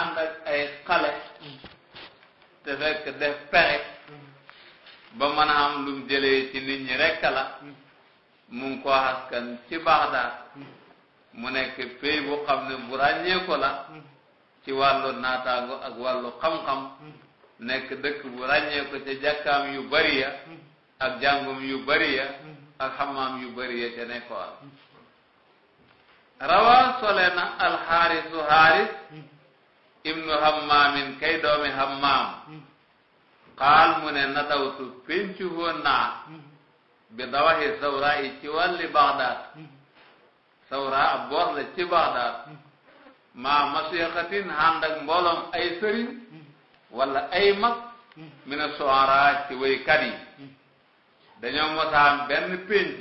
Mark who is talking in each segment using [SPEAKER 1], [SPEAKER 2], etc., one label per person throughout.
[SPEAKER 1] ànd ay xale te fekk def pexe ba mën am lu mu ci nit ñi rekk la mu ngi koo askan ci Baxdaad mu nekk pays bu xam ne bu ràññee la ci wàllu naataango ak wàllu xam-xam nekk dëkk bu ràññee ko ca yu bari ak jàngum yu bari ya ak xamaam yu bari ya ca rawaa sole na alxaarisu xaaris ibnu hammaamin kay doomi hammaam qaal mu ne nadawtu pencu woon naa bi dawaxi sawraa ci wàlli baxdaad sawraa ab boor ci baxdaad maa masiqatin ànd ak mbooloom ay sëriñ wala ay mag mi ne soara ci waykat yi dañoo mosaam benn penc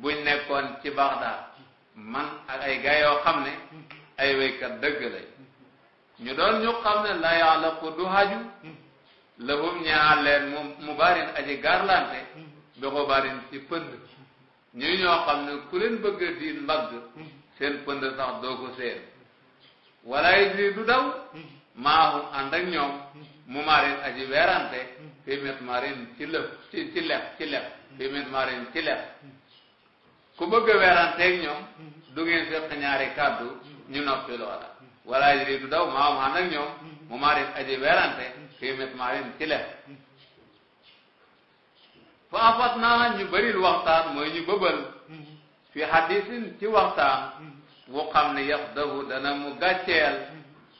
[SPEAKER 1] buñ nekkoon ci baxdaad man ak ay gaa yoo xam ne ay waykat dëgg lañ ñu doon ñu xam ne la yaalaqu du haju lahum ñaa leen mu mubaarin aji garlante bi xubaarin ci pënd ñuy ñoo xam ne ku leen bëgg a di mbagg seen pënd sax doo ko seen walaay si du daw maahum ànd ak ñoom mu maarin aji weerante fi marin ci lëf ci ci lef ci lef fi marin ci lef ku bëgg a ñoom du ngeen fekk ñaari kàddu ñu noppi loola wala jiri du daw maa ma ñoom mu maa def aji werante fii met ci lef fa afat naa ñu bëril waxtaan mooy ñu bëbal fi hadisin ci waxtaan bu xam ne yaf dahu dana mu gàcceel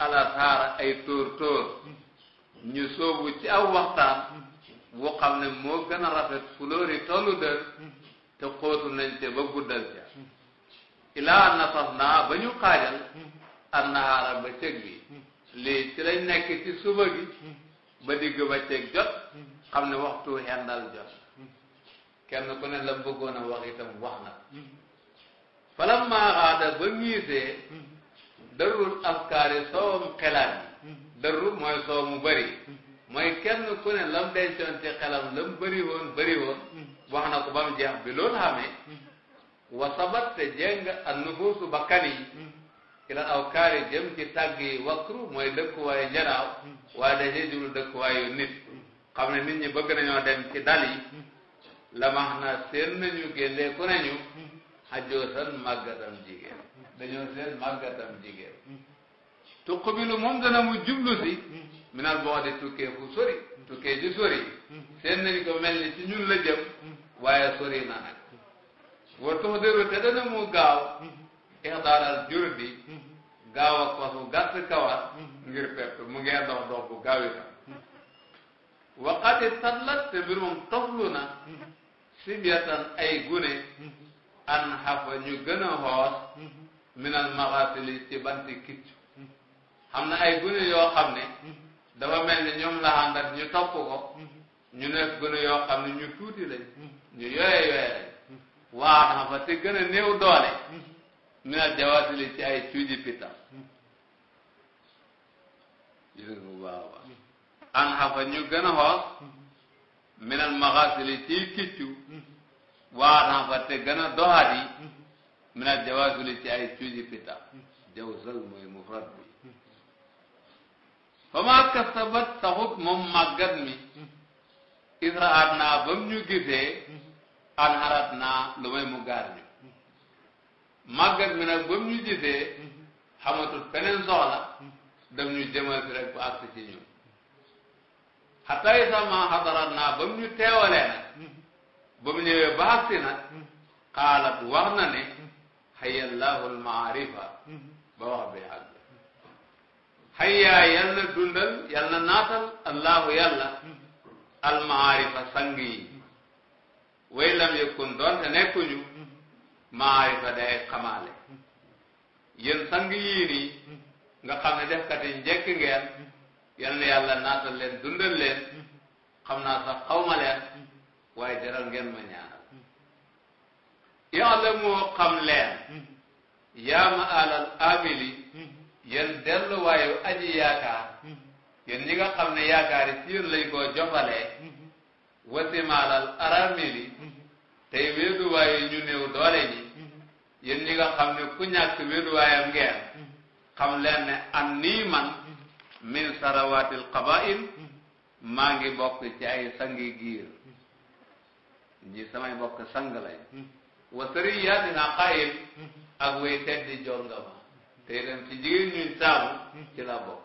[SPEAKER 1] alataar ay tóor tóor ñu soobu ci aw waxtaan bu xam ne moo gën a rafet fuloori tollu dër te xóotu nañ te ba guddal ca ilaa nafas naa ba ñu annahaara ba cëg bi lii ci lañ nekk ci suba ba digg ba cëg jot xam ne waxtu xendal jot kenn ku ne la bëggoon a wax itam wax na falam maaxaada ba ñiisee darul askaari soowam xelaat yi daru mooy soow mu bëri mooy kenn ku ne lam dencoon ci xelam lam bëri woon wax na ko ba mu jeex bi loolu xamee wasabat te jéng an nufuusu ba kan ila awkaari jëm ci tàgg yi wakru mooy dëkkuwaayu njanaaw waaye dañuy jublu dëkkuwaayu nit xam ne nit ñi bëgg nañoo dem ci dal yi la max na seen nañu génne ku nañu xajoosan màggatam jigéen dañoo seen màggatam jigéen tuqbilu moom mu jublu si minal boo di fu sori tukkee ji sori seen nañ ko mel ci ñun la jëm waaye sori na wa tuxdiru te mu gaaw ixtaaral jur bi mhm. gaaw a kosu gàtt kawar mhm. ngir pepp mu ngi dox dox bu gaaw itam waxati tallat te mbir moom toflu na mhm. sibyatan ay gune an xafa ñu gën a xoos minal maxaatili ci banti kiccu xam na ay gune yoo xam ne dafa mel ni ñoom la ànd ak ñu ko ñu nekk gune yoo xam ne ñu tuuti lañ ñu yooye yooye lañ waan xafa te gën a néew doole minal jawaasili ci ay cuuji pitam gis nga bu baax a baax an xafa ñu gën a xoos minal maxaasili ciy kiccu waat xafa te gën a doxaat yi minal jawaasili ci ay cuuji pitam jawsal mooy mufrad bi fa maa kasabat saxut moom màggat mi israat naa ba mu ñu gisee an xarat naa lu may mu gaar ñu màggat mi nag ba mu ñu gisee xamatul beneen soxla daf ñu jëmal si rek ci ñun xataa yi sama xadarat naa ba mu ñu teewalee nag ba mu ñëwee wax na ne xayallahu almaarifa ba wax bi àgg xayyaa yal na dundal yal na naatal allahu yàlla almaarifa sang yi way lam yëkkun doonte nekkuñu maarifa day xamaale yéen sang yii nii nga xam ne defkati njëkk ngeen yal na yàlla naatal leen dundal leen xam naa sax xaw ma leen ngeen ma ñaanal yàlla moo xam leen yaa ma alal amili yéen delluwaayu aji yaakaar yéen ñi nga xam ne yaakaar yi ci yéen lañ koo jofalee wasi ma alal aramili tey wéeduwaayu doole ñi yéen ñi nga xam ne ku ñàkk ngeen mm-hmm. xam leen ne an nii man mm-hmm. min sarawatil mm-hmm. maa ngi bokk ci ay sangi giir ñi samay bokk sang lañ wa sariyaati naqaayil ak way teddi jongama te itam ci jigéen ñuñ saabu ci la bokk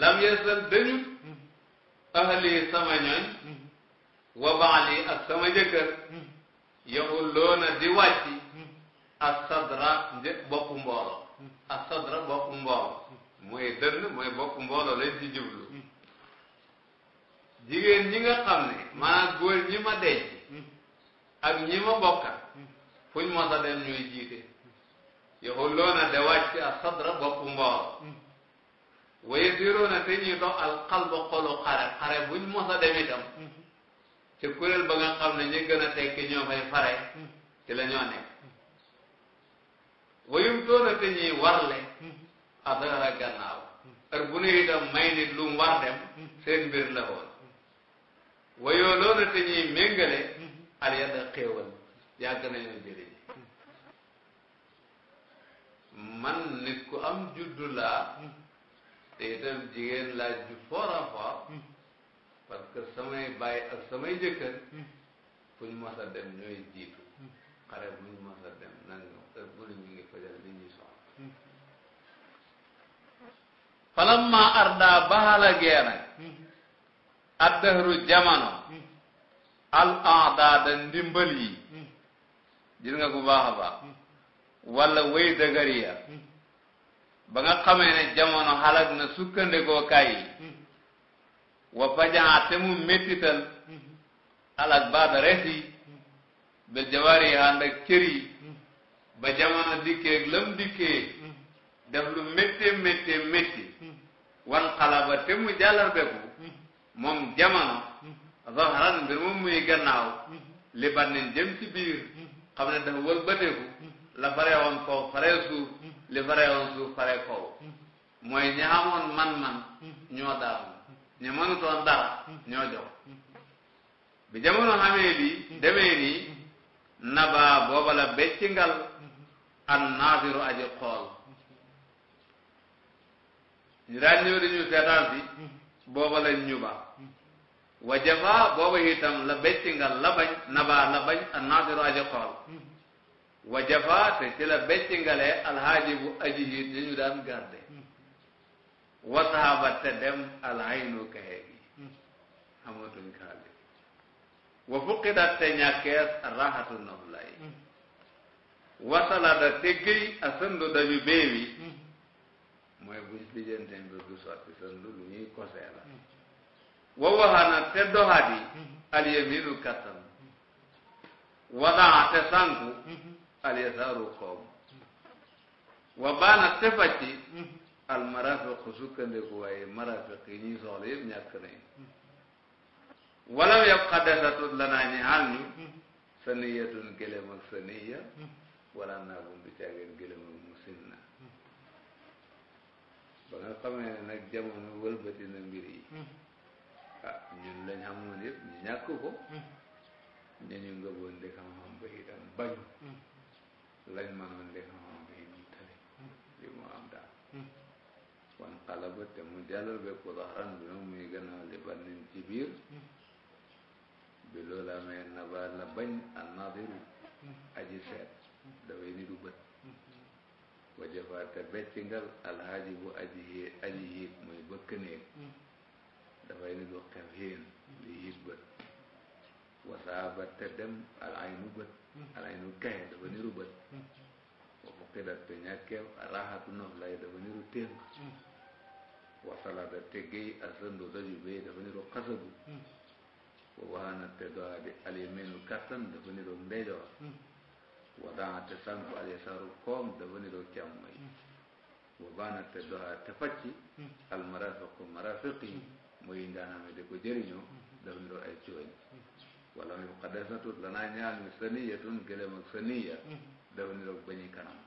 [SPEAKER 1] lam yesal dañu ahli sama ñooñ wa baali ak sama jëkkër yaxulloona di wàcci asadra një bopp mbooloo asadra bopp mbooloo mooy dënn mooy bopp mbooloo lañ ci jublu jigéen ñi nga xam ne maanaam góor ñi ma denc ak ñi bokka fuñ mos a dem ñuy jiite yaxulloona de wàcci asadra bopp mbooloo waye diroona te ñuy dox alxalba xolu xare xare buñ mos a dem itam ci kuréel ba nga xam ne ñi gën a tekki ñoo fay fare ci la ñoo nekk wayum toona te ñuy warle adara gannaaw ar bu ne itam may nit lu war dem seen mbir la woon wayoo loona te ñuy méngale al xéewal yàgg nañu jëriñ man nit ku am juddu laa te itam jigéen laa ju foor parce que samay baay ak samay jëkkër hmm. fu ñu dem ñooy jiitu hmm. xare bu ñu mos a dem nangam heure bu ngi fajal li ñuy soxla hmm.
[SPEAKER 2] falamma arda bahala gee nag
[SPEAKER 1] addahru jamono al aadaada ndimbal yi gis nga bu baax a baax wala dëgër ya ba nga xamee ne jamono xalaat na sukkandikoo kaay yi wa fajaa te mu méttital alal baada res yi bil jawaar yi ànd cër yi ba jamono dikkee ak lam dikkee def lu méttee méttee métti wan xalaba te mu jàllarbeku moom jamono zoxaran mbir moom muy gannaaw li bannin jëm ci biir xam ne dafa wëlbateeku la faree woon kaw faree suuf li faree woon suuf faree kaw mooy ñi man-man ñoo daanu ñu mënutoon dara ñoo jox bi jamono xamee bi demee nii nabaa booba la becci ngal an naasiru aji xool ñu daan ñëw di ñu seetaan si booba la ñuba wa booba itam la becci ngal la bañ nabaa la bañ an naasiru xool wa te ci la becci ngalee alxaaji bu hiit ñu daan garde wasaaba te dem alaynu kaxeegi amatuñ xaalis wa fuqidat te ñàkkees raxatu noflay wasalada te géy a sëndu dañu béewi mooy buñ lijjanteen bi du sotti sëndu lu ñuy kosee la wa waxana te doxadi alyaminu kattan wadaa te sànku alyasaaru xoom wa baana te facci al marafiq sukkandiku waaye marafiq yi ñuy soxla yëpp ñàkk nañu walaw yabqa desatut lanaa ñi xaal ñu sa niyatun gëlëm ak sa niya wala naagum bi caageen gëlëm ak mu sinna ba nga xamee nag jamono wëlbati na mbir ñun lañ xamoon yëpp ñu ñàkk ko ñu ñu ngëboon di xam-xam ba itam bañu lañ mënoon di xam-xam ba itam tali li mu am daal wan xalaba te mu jàllal be ko doxran bi moom muy gannaaw li bannin ci biir bi loola mee na ba la bañ an nadiru aji seet dafay nitu bët wa jafaate beccingal alhaaji bu aji hii aji hiit muy bëkk néeg dafay nitu xef hiin di bët wasaaba dem al aynu bët al aynu kaye dafa niru bët wa fuqidat te ñàkkeew raxatu nof lay dafa niru ténk wasalaata te géey asandu daju bay dafa niroo xasadu waana te doa di alimenul kattan dafa niroo ndeyjoor wadana te sànku alisaaru koom dafa niroo càmmoñ wabaana te doa te facci almarafiqu marafiqi muy ngaanaame di ko jëriñoo dafa niroo ay cooñ wala mu xadasatu lanaa ñaal mi saniyatun gëlem ak saniya dafa niroo bañi kanam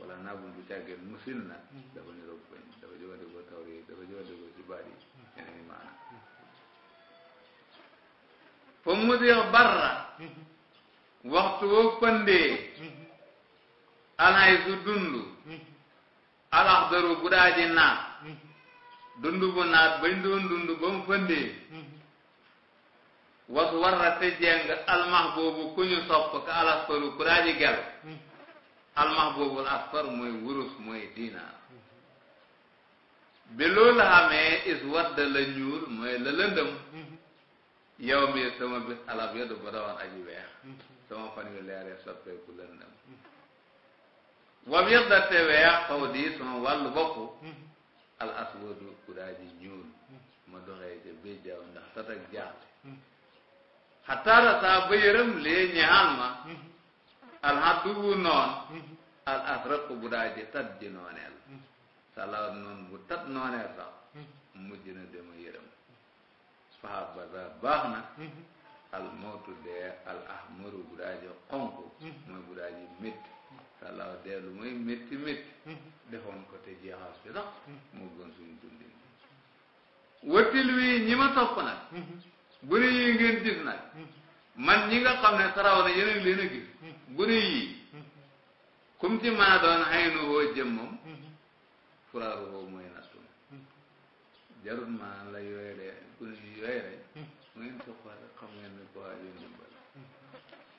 [SPEAKER 1] wala naagum du caagee musil na hmm. dafa niroog bañ dafa jëfandikoo tawr yi dafa jëfandikoo ci baat yi hmm. yeneen i maana fa mudix barra hmm. waxtu woo pëndee alay su dund alaxdaru bu daa ji naat dund bu naat bañ doon dund ba mu pëndee was warra te jeng almax boobu ku ñu sopp ka alasparu ku daa gel almahbubul asfar mooy wurus mooy dinaar bi loolu xamee is wadda la ñuul mooy la lëndëm yow mi sama bés alab yadu ba aji weex sama fan yu leeree soppeeku lëndëm wam yadda te weex xaw di sama wàllu al aswadu ku daa ji ñuul ma doxee ca béjjaaw ndax tat ak jaxle
[SPEAKER 2] xataara saa ba yërëm lee ma
[SPEAKER 1] alxadubu noon al asraqu bu daa ji tat ji nooneel salaat noon bu tat nooneel sax mujj na dema yërëm fahabasa baax na al mawtu dee al ahmaru bu daa ji mooy bu daa ji métti salaaw dee lu muy métti métti defoon ko te jeexaas bi sax moo gën suñ dundin wëttil wii ñi ma topp nag bu ne yi ngeen gis nag man ñi nga xam ne saraw na yeneen leen a gis gune yii kum ci maa doon xëy na woo furaaru woo mooy nattum jarut maa la yooyu de gune yi yooyu rek mu ngeen ngeen ne ko waa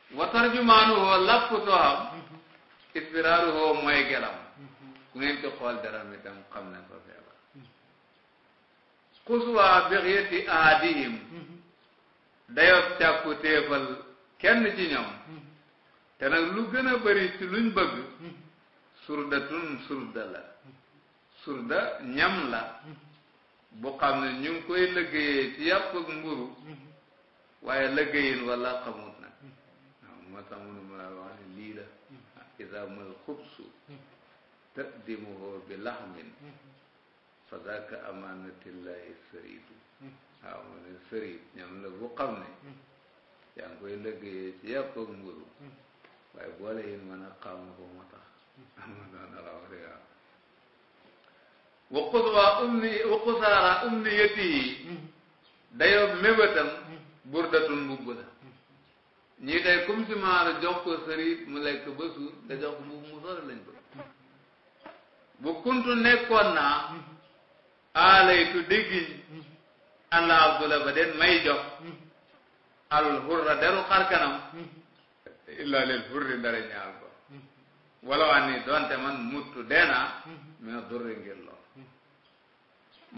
[SPEAKER 1] ji wa tarjumaanu woo lapp too xam istiraaru woo mooy gelam ku ngeen ko xool dara mi tam xam ne ko feebar xuswa bixyati aadihim dayob càkku téefal kenn ci ñoom te nag lu gën a bëri ci luñ bëgg surdatun surda la surda ñam la bu xam ne ñu ngi koy lëggéeyee ci yàpp ak mburu waaye lëggéeyin wala xamut nag waaw moo tax munu ma wax ne lii la ida mal xubsu taqdimuhu bi laxmin fa daka amanatillahi sëridu waaw mu ne sërid ñam la bu xam ne yaa ngi koy lëggéeyee ci yàpp ak mburu waaye boole yi ma nag xaw ko moo tax ma doon alaw dëgg yàlla waqusa umni waqusaara umniyati yi dayoo mébétam ñii tey comme si maara ko sëriit mu lekk ba suur nga jox ko mbubb mu sore lañ bëgg bu kuntu nekkoon allah abdula ba may jox al hurra deru xarkanam illa lil furri ndara ñaal ko wala waa ni donte man muttu deena mi na ngir lool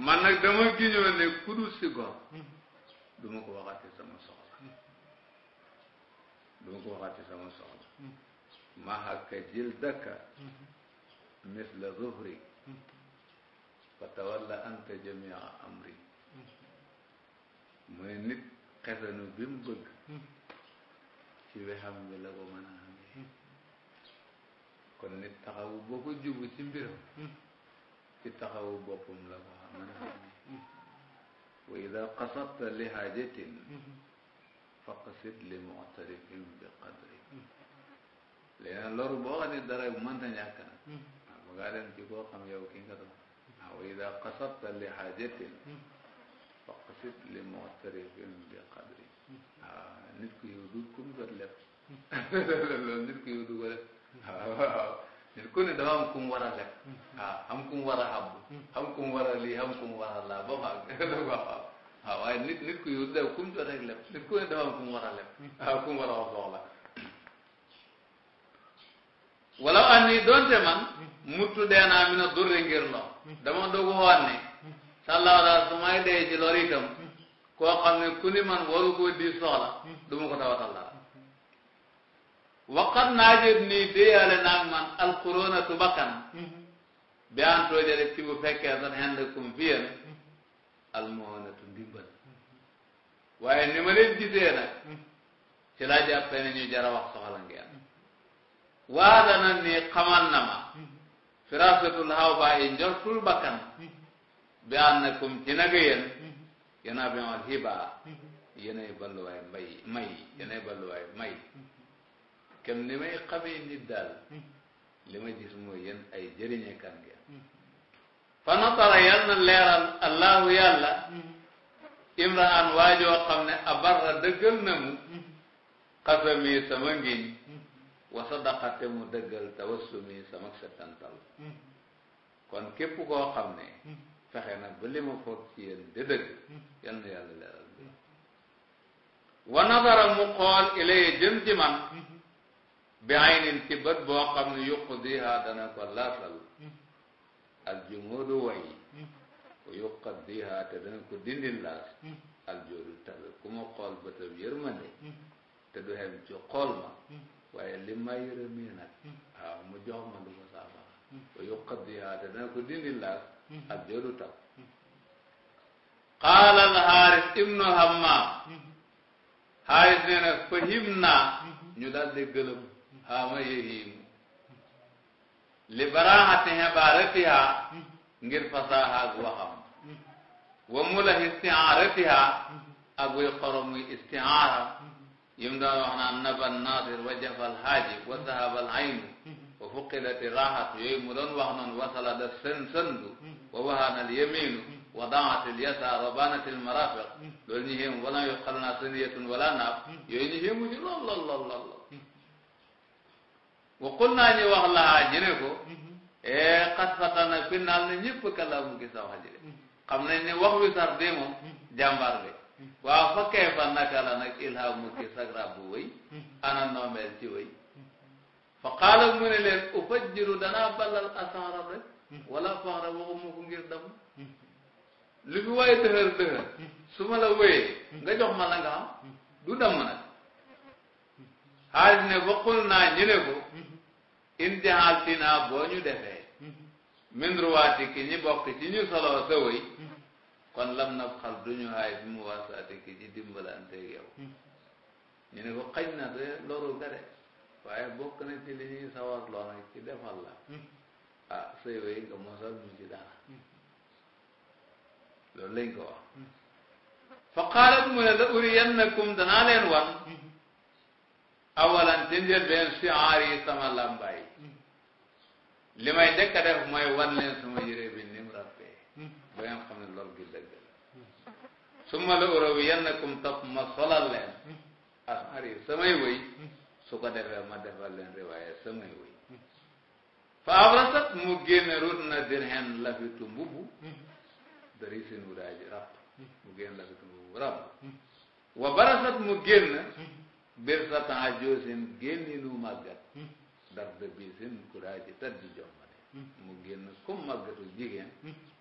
[SPEAKER 1] man nag dama giñoo ne kudu si gor du ma ko waxati sama soxla du ma ko waxati sama soxla ma hakka jil misla zuhri fa tawalla anta jamia amri mooy nit xesanu bi mu bëgg ci wexam bi la ko mën a amee kon nit taxawu boo ko jubu ci mbiram ci taxawu boppam la ko mën a
[SPEAKER 2] amee
[SPEAKER 1] wa ida qasadta li haajatin faqsid li mutarifin bi qadri léegi loru boo xam ne dara mënta ñàkk na waaw ba ngaa li haajatin faqsid li mutarifin waaw nit ku yow kum jot lépp loolu nit ku yow du ko def kum war a lekk kum war a xàbb kum war a lii kum war laa ba maa da ko xam waaw kum jot rek lépp nit ku ne dafa kum war a lekk kum war a wala an ni doonte man dee naa mi na durre ngir lor dama dogu woon ne sàllaaw daal su dee ci lor itam koo xam ne ku ni man waru di soxla du ma ko tawatal dara waqat naa jël nii déyaale naag man alquroona tu bakkan bi an toojale ci bu fekkee sax xend kum fi yéen almoona tu ndimbal waaye ni ma leen gisee nag ci laa jàppee ne ñu jara wax soxla ngeen waa dana nii xamal na ma firasatul haw baa yi njortul bakkan bi an na kum ci naga yéen yanaa bi amal hibaa hmm. yenay balluwaay mbay may yenay balluwaay may kem li may xamee nit daal hmm. li ma gis mooy yéen ay jëriñe kan ngeen hmm. fa natara yal na leeral allahu yàlla imraan waajoo xam ne abarra dëggal na mu xasami sama ngiñ wa sadaqate mu dëggal tawassumi sama settantal kon képp koo xam ne fexe na ba li ma foog ci yéen di dëgg yal na yàlla leeral bi wa nazara mu xool ilay jëm ci man bi aynin ci bët boo xam ne dana ko laatal al jumudu way yuqdiha te dana ko dindin laas al joodu tabe ku ma xool bëtam yërmande te du xem ci xool ma waaye li ma yërëmee nag waaw mu jox ma lu ma wa yuqaddiha te dana ko dindi laag ak jolu taw qaala al haaris ibnu hammaam haaris nee na fahim naa ñu daal di gëlëm xaama hmm. yehiimu li baraaxati xibaaratiha hmm. ngir fasaaha ak waxam hmm. wa mula istiaaratiha ak way xorom muy istiaara yim doon wax naan nabal naasir wa jafal xaaji wa sahab al aynu fuqidati rahat yooyu mu doon wax noonu wasala da sën sëndu wa wahanal yaminu wa daatil yasar wa banatil marafiq loolu ñu xéemu wala yu xal naa saniyatun wala naaf yooyu ñu xéemu ci lool lool wa qul naa ñu wax lahaa ñu ne ko ee xas fatana fi naal na ñëpp kalaamu gi sa wax ji de xam nañ ne wax wi sar dee moom jàmbaar de waaw fa kee fa naka la nag ilhamu gi sagra bu wëy ana noomeel ci wëy fa qaala mu ne leen ufajjiru danaa ballal asaaram rek wala faxra waxuma ko ngir dam li fi waaye dëxër dëxër su ma la wéyee nga jox ma la nga am du damm nag xaalis ne bokkul naa ñu ne ko in jaxaltinaa boo ñu defee min ruwaati ki ñi bokk ci ñu soloo sa wéy kon lam nab xal duñu haay bi mu waasaati ki ci dimbalante yow ñu ne ko xaj na de loru gare waaye bokk na ci li ñuy sawar loo nag ci defal la ah nga mosa du ci dara loolu lañ ko fa qaalat mu la uriyannakum danaa leen wan awalan ci njëlbeen siaar yi sama làmbaay li may njëkk a def mooy wan leen sama yére bi ni mu ràppee ba lool gi dëgg la la urawiyannakum topp ma solal leen asari samay wëy su ko defee ma defal leen samay woy fa abrasat mu génne rut na dirhen lafitu mbubu wu daaji ràpp mu génn lafitu mbubu ràpp wa barasat mu génn bir sa temps joosin génni nu màggat dar sin ku daaji tat ji jommale mu génn comme màggatu jigéen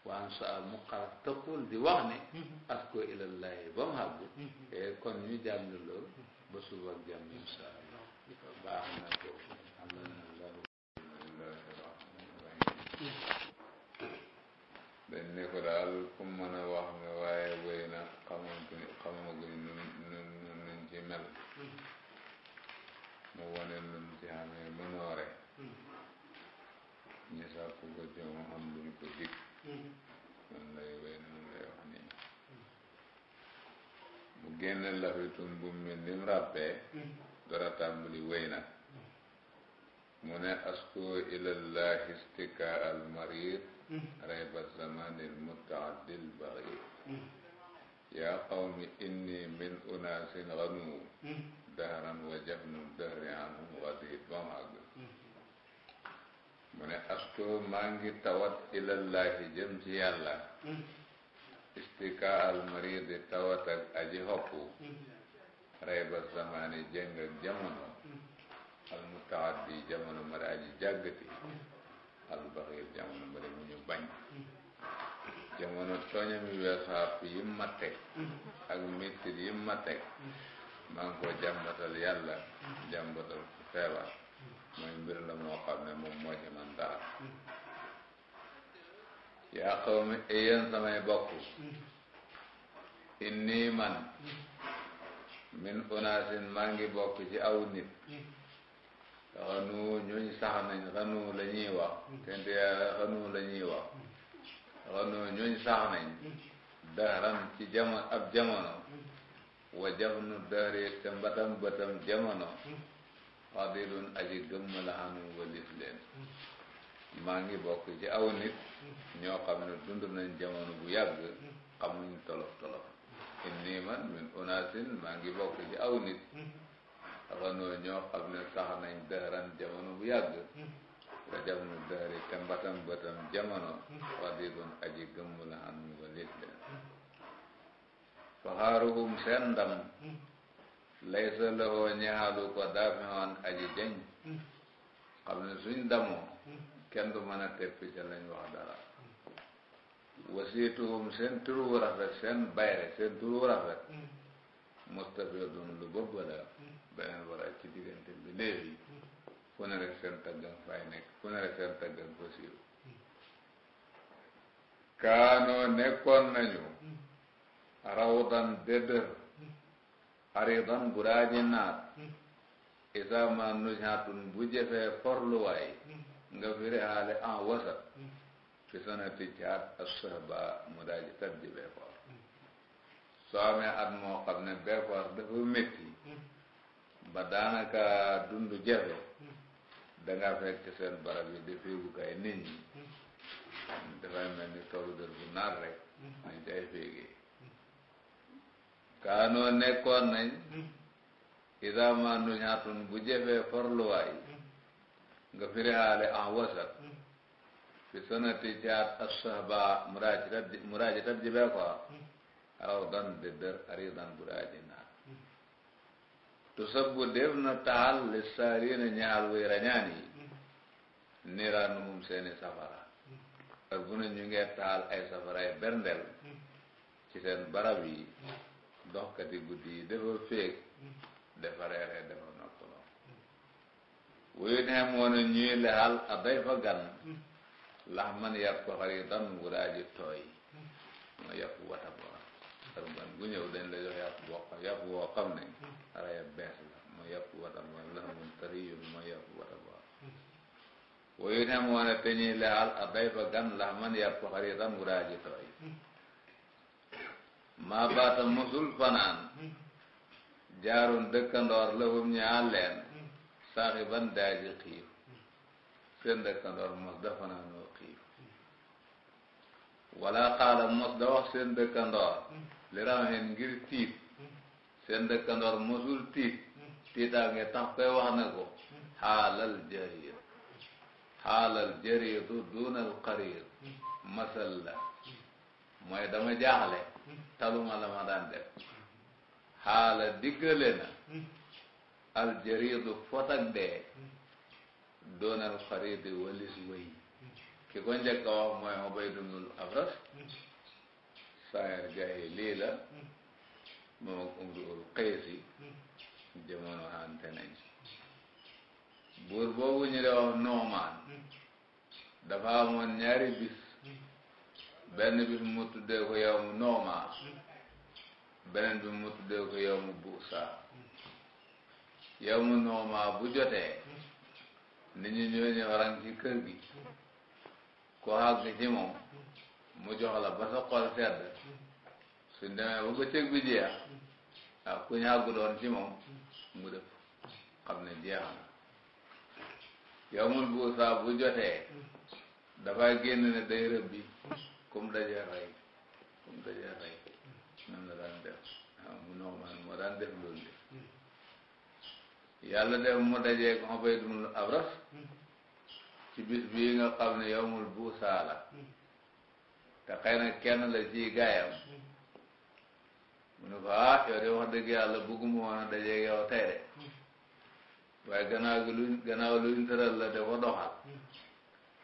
[SPEAKER 1] waan saa mu xaras tëppul di wax ne as ko ilallahi ba mu xàgg mm-hmm. eh, kon ñu jàng loolu ba suba jàmm insha allah dañ ne ko daal ku mën a wax nga waaye wéy na xamaguñ xamaguñ nun nun nuñ ci mel mu wane nun ci xamee mënoore ñu sàkku ko ci am luñ ko dig mu génne lafitum bu mel ni mu dara tàmbali wéy na mu ne asku ilallahi istika al marid mm-hmm. rayba zamani al mutaaddi al baghir mm-hmm. yaa qawmi inni min unaasin ganu mm-hmm. dahran wa jabnu dahri anhum gadid ba mu àgg mu ne asko maa ngi tawat ilallahi jëm ci yàlla istika al marid tawat ak aji hoppu rayba zamani jëng ak jamono al mutaaddi jamono mari aji jàggati al baxir jamono mari mu ñu bañ jamono tooñami weesaaf yi ma teg ak mettit yi ma teg maa ngi ko jàmbatal yàlla jàmbatal ku feebar mooy mbir moo xam ne moom man dara yaa xaw mi yéen samay bokk mm. inni man min unaasin maa ngi bokk ci aw nit xanu hmm. ñooñ sax nañ xanu la ñuy wax tente hmm. xanu la ñuy wax xanu hmm. ñooñ sax nañ ci jamono ab jamono wa jaf nu daxri te mbatam batam jamono fadilun aji gëmm la xanu walif leen maa ngi bokk ci aw nit ñoo xam ne dund nañ jamono bu yàgg xamuñ tolof tolof inni man min unaasin maa ngi bokk ci aw ñoo xam ne dëran jamono bu yàgg wa jam nu dëri te mbatam batam jamono wax aji gëmm la an leen faxaaruhum seen ndam laysa lahoo ñaxaalu ko daafewoon aji jañ xam ne suñ damoo kenn du mën a teppi ca lañ wax dara wasiituhum seen turu bu rafet seen bayre seen turu bu rafet mustabidun lu bëgg la beneen war ak ci diggante bi léegi fu ne rek seen taggan fay nekk fu ne rek seen taggan fa siiw kaanoo nekkoon nañu rawdan dédër aridan buraaji naat isaama nujaatun bu jëfee forluwaay nga firi haale en wasat fi sanati ci at asahba mu daal di tabbi beekoor soo amee moo xam ne beekoor dafa métti ba daanaka dund jafe danga fekk seen barab yi di féegukaay nit dafay mel ni toolu bu naat rek cay féegee kaanoo nekkoon nañ isaama nu ñaatun bu jafee farluwaay nga firi en wasat bi sanati jaar asahba muraaj rabdi muraaj rabdi bee aw dan di dër aridan bu daaji naar tu def na taal li saarina ñaal wuy rañaan yi niiraanu mum seeni safara ak bu ne ñu ngee taal ay safaray berndel ci seen barab yi doxkati guddi yi dafa féeg dafa reeree dafa noppaloo wuyu ne moo ne ñuy lexal a day fa gan laxman yàpp xaridan wu daaji tooy mooy yàpp wata boor xarban bu ñëw dañ la jox yàpp boo xam yàpp woo xam ne raya bees la mooy yàpp wata boor laxmun tariyun mooy yàpp wata boor wayu ne moo ne te ñuy leexal a day fa gan laxman yàpp xaridan wu daaji tooy maa baata musul fanaan jaarun dëkkandoor lahum ñaa leen saaxiban daaji xiif seen dëkkandoor mos dafa naan wala xaala mos da wax seen dëkkandoor li ramxen ngir tiit seen dëkkandoor mosul tiit tiitaa nge tax koy wax na ko xaalal jarir xaalal jaridu duunal qarir masal la mooy dama jaaxle taluma la ma daan def xaala al jaridu fotak dee doonal xaridi walis wëy ki ko njëkk wax mooy Ubaydul Abras saayir gaay lii la moom ak Umrul Qaysi jamono ante buur boobu ñu dee wax Noomaan dafa amoon ñaari bis benn bis mu tuddee ko yow mu Noomaa beneen bi mu tuddee ko yow mu Buusaa yow mu Noomaa bu jotee nit ñi ñoo ñëw ci kër gi ku àgg ci moom mu jox la ba sa xol sedd suñ demee ba bëccëg bi jeex ah ku ñu àgg ci moom mu def xam ne jeex na yow mun bu jotee dafay génn ne day rëbbi comme dajee rey comme dajee rey noonu daan def waaw ah, mu noo moo daan def loolu yàlla def mu dajee ko ma bay dum abras ci bis bii nga xam ne yowmul buusaa la te xëy na la ciy gaayam mu ne ko ah yow de wax dëgg yàlla bëgguma woon a dajeeg yow tey de waaye gannaaw gi la dafa doxal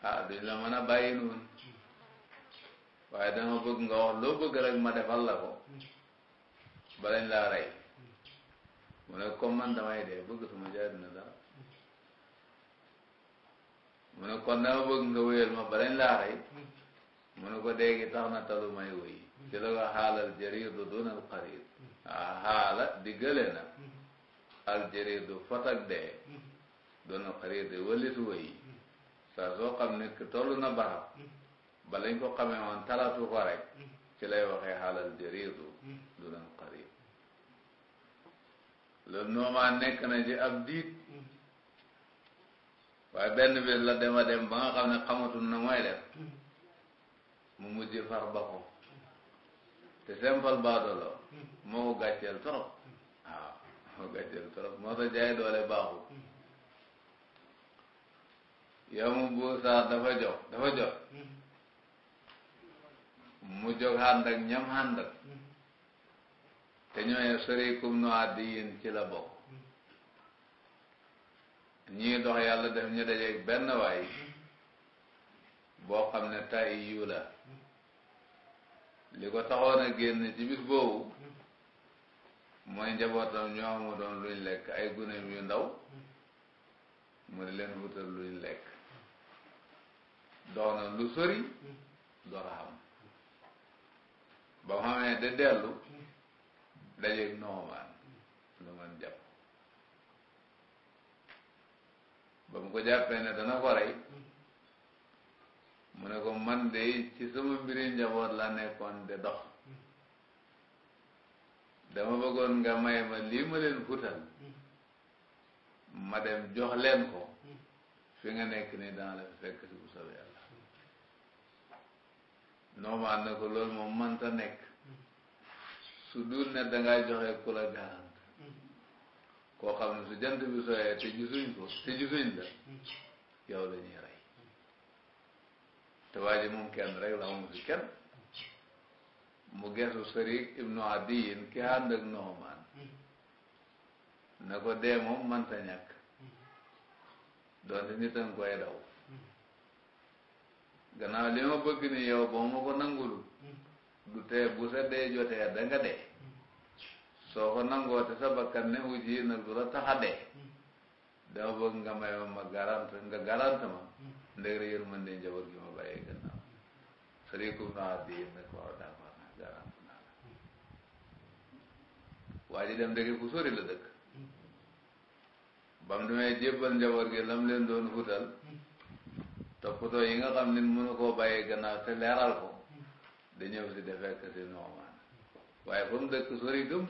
[SPEAKER 1] ah duñ la mën a bàyyi noonu waaye dama bëgg nga wax loo rek ma defal la ko balañ laa rey mu ne comme man damay dee bëgg suma jaay dina dara mu ne kon dama bëgg nga wéyal ma balañ laa mu ne ko dee gi tax na talu may wéy ci la ko xaalal jaridu duna al qarid ah xaala diggale na al jaridu fatak dee duna qarid walit wéy saa soo xam ne toll na barab balañ ko xamee woon talatu ko rek ci lay waxee xaalal jaridu duna al qarid loolu noomaa nekk na ci ab diit waaye benn bés la dema dem ba nga xam ne xamatul na mooy def mu mujj far ba ko te simple baadolo moo gàcceel trop waaw moo gàcceel trop moo tax jaay doole baaxul yow mu buur saar dafa jox dafa jox mu jóg ànd ñam ànd te ñooñu sori kum no addi ci la bokk ñii dox yàlla dem ñu dajeeg benn waay boo xam ne tay yu la li ko taxoon a génn ci bis boobu mooy njabootam ñoo amu doon luñ lekk ay guneem yu ndaw mu ne leen wutal luñ lekk dox na lu sori door a ba xamee de dellu dajeeg noomaan lu mën jàpp ba mu ko jàppee ne dana ko rey mu ne ko man de ci sama mbiri njaboot laa nekkoon de dox dama bëggoon nga may ma lii ma leen futal ma dem jox leen ko fi nga nekk nii dana la fekk si bu soobee yàlla normal na ko loolu moom mënta nekk su dul ne dangaa joxe ku la garan koo xam ne su jant bi sooyee te gisuñ ko te gisuñ la yow la rey te waa moom kenn rek la mu si kenn mu gesu Sariik ibnu Adiyin ki ànd ak Noomaan na ko dee moom mënta ñàkk doonte nit a koy daw gannaaw li ma bëgg ni yow boo ma ko nangul du tee bu sa dee jotee da dee soo ko nangoo te sa bakkan ne wu ci nag du la tax a dee dama bëgg nga may ma garante nga garante ma ndeg rek yërmande njaboot gi ma bàyyee gannaaw sarikum na addi yéen nag waaw d'accord naa
[SPEAKER 2] garante naa la
[SPEAKER 1] waa dem ndege ku la dëkk ba mu demee jébbal njaboot gi lam leen doon wutal toppatoo yi nga xam ne mënu koo bàyyee gannaaw te leeral ko da ñëw si defekk si nooma waaye fa mu dëkk sori gëm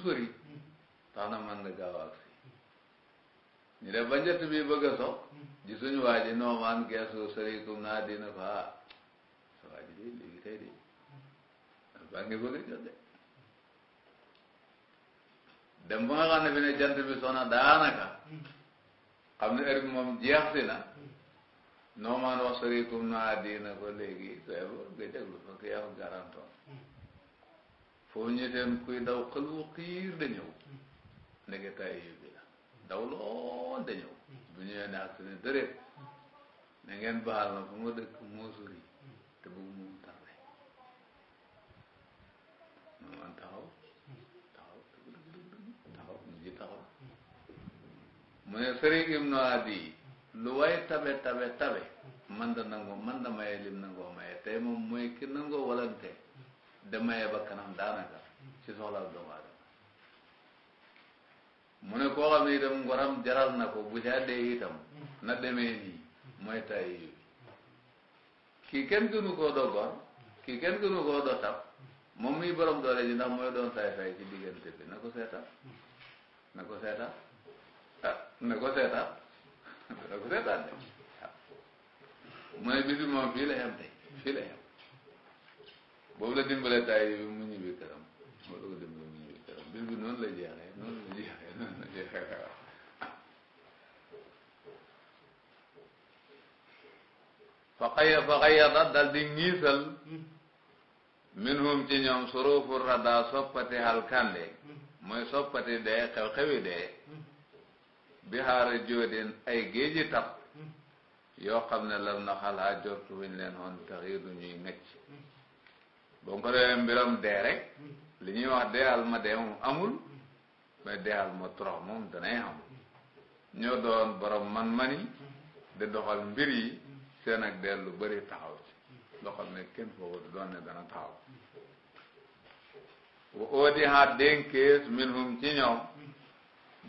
[SPEAKER 1] tax na mën na gaaw ak si ñu def ba njëtt bëgg a ji suñu waa ji noomaan geesu sori kum naa dina fa sa waa ji de léegi tey de baa a de dem ba nga ne fi ne jant bi sona daanaka xam ne heure bi moom jeex si na noomaan wax sori kum naa dina ko léegi tey ba nga jaglu fa ki yow garanto foo ñu seen kuy daw xel wu da ñëw ndege tayi bi la daw lool da bu ñëwee ne accident dërët na ngeen baal na fu ma dëkk muusur te bëgg mu tarde mu man taxaw taxaw taxaw mu ji taxaw mu ne sëriñ im no adi lu way tabe tabe tabe man da nangoo man da maye lim nangoo maye tey moom mooy ki nangoo walante damay ba kanam daanaka ci soxlaal doomu mu ne koo xam ne itam ngoram jaral na ko bu ca dee itam na demee nii mooy tay yi kii kenn gënu koo doo gor kii kenn gënu koo doo moom muy borom doole ji ndax mooy doon saay saay ci diggante bi na ko seeta na ko seeta ah na ko seeta na ko seeta de mu ne moom fii la yem tey fii la yem boobu la dimbale taay bi mu ñibbi këram boobu la dimbale mu ñibbi këram mbir bi noonu la jeexee noonu la jeexee fa xaya fa xayada dal di ngiisal minhum ci ñoom surufu rada soppati halkande mooy soppati dee xew-xewi dee bi xaara joodin ay géeji tab yoo xam ne lam na xalaa jortu wuñ leen woon tax yi du ñuy ngëcc ba mu paree mbiram dee rek li ñuy wax deeyal ma dee moom amul mais deeyal ma torox moom danay am ñoo doon borom man-mani di doxal mbir yi seen ak dee lu bari taxaw ci doxal ne kenn foofu doon ne dana taxaw wa ooti ha dénkees minhum ci ñoom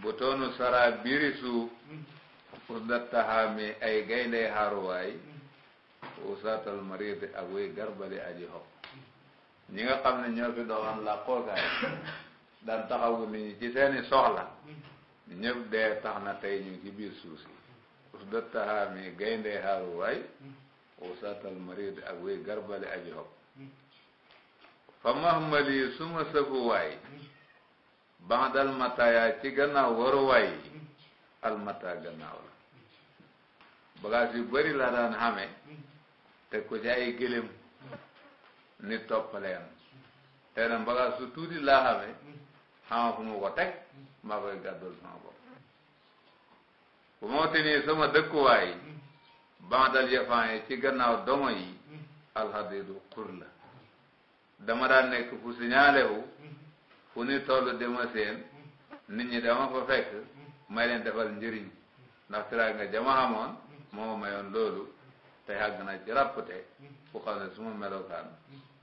[SPEAKER 1] bu toonu sara biiri suuf usdat taxaami ay gaynde xaaruwaay usaatal maridi ak wuy garbali aji xob ñi nga xam ne ñoo fi doxoon la koogaay daan taxawu nit ñi ci seeni soxla ñëpp dee tax na tey ñu ci biir suuf si usdatahaa mi gayndee xaaru waay usatal marid ak wéy garbale aji xob fa mahmali suma sëfu waay bandal mataya ci gannaaw waru waay almata gannaaw la bagaas yu bari laa daan xame te ko ci ay gëlëm nit topp leen te nag mbagaas su laa xamee xama fu mu ko teg maa koy gàddul sama bopp bu moo te nii sama dëkkuwaay bandal yafaan yi ci gannaaw domo yi alhadidu xur la dama daan nekk fu signalé wu fu ni toll dama seen ñi dama fa fekk may leen defal njëriñ ndax nga jama xamoon moo mayoon loolu te yàgg na ci ràppte fu xam ne suma melokaan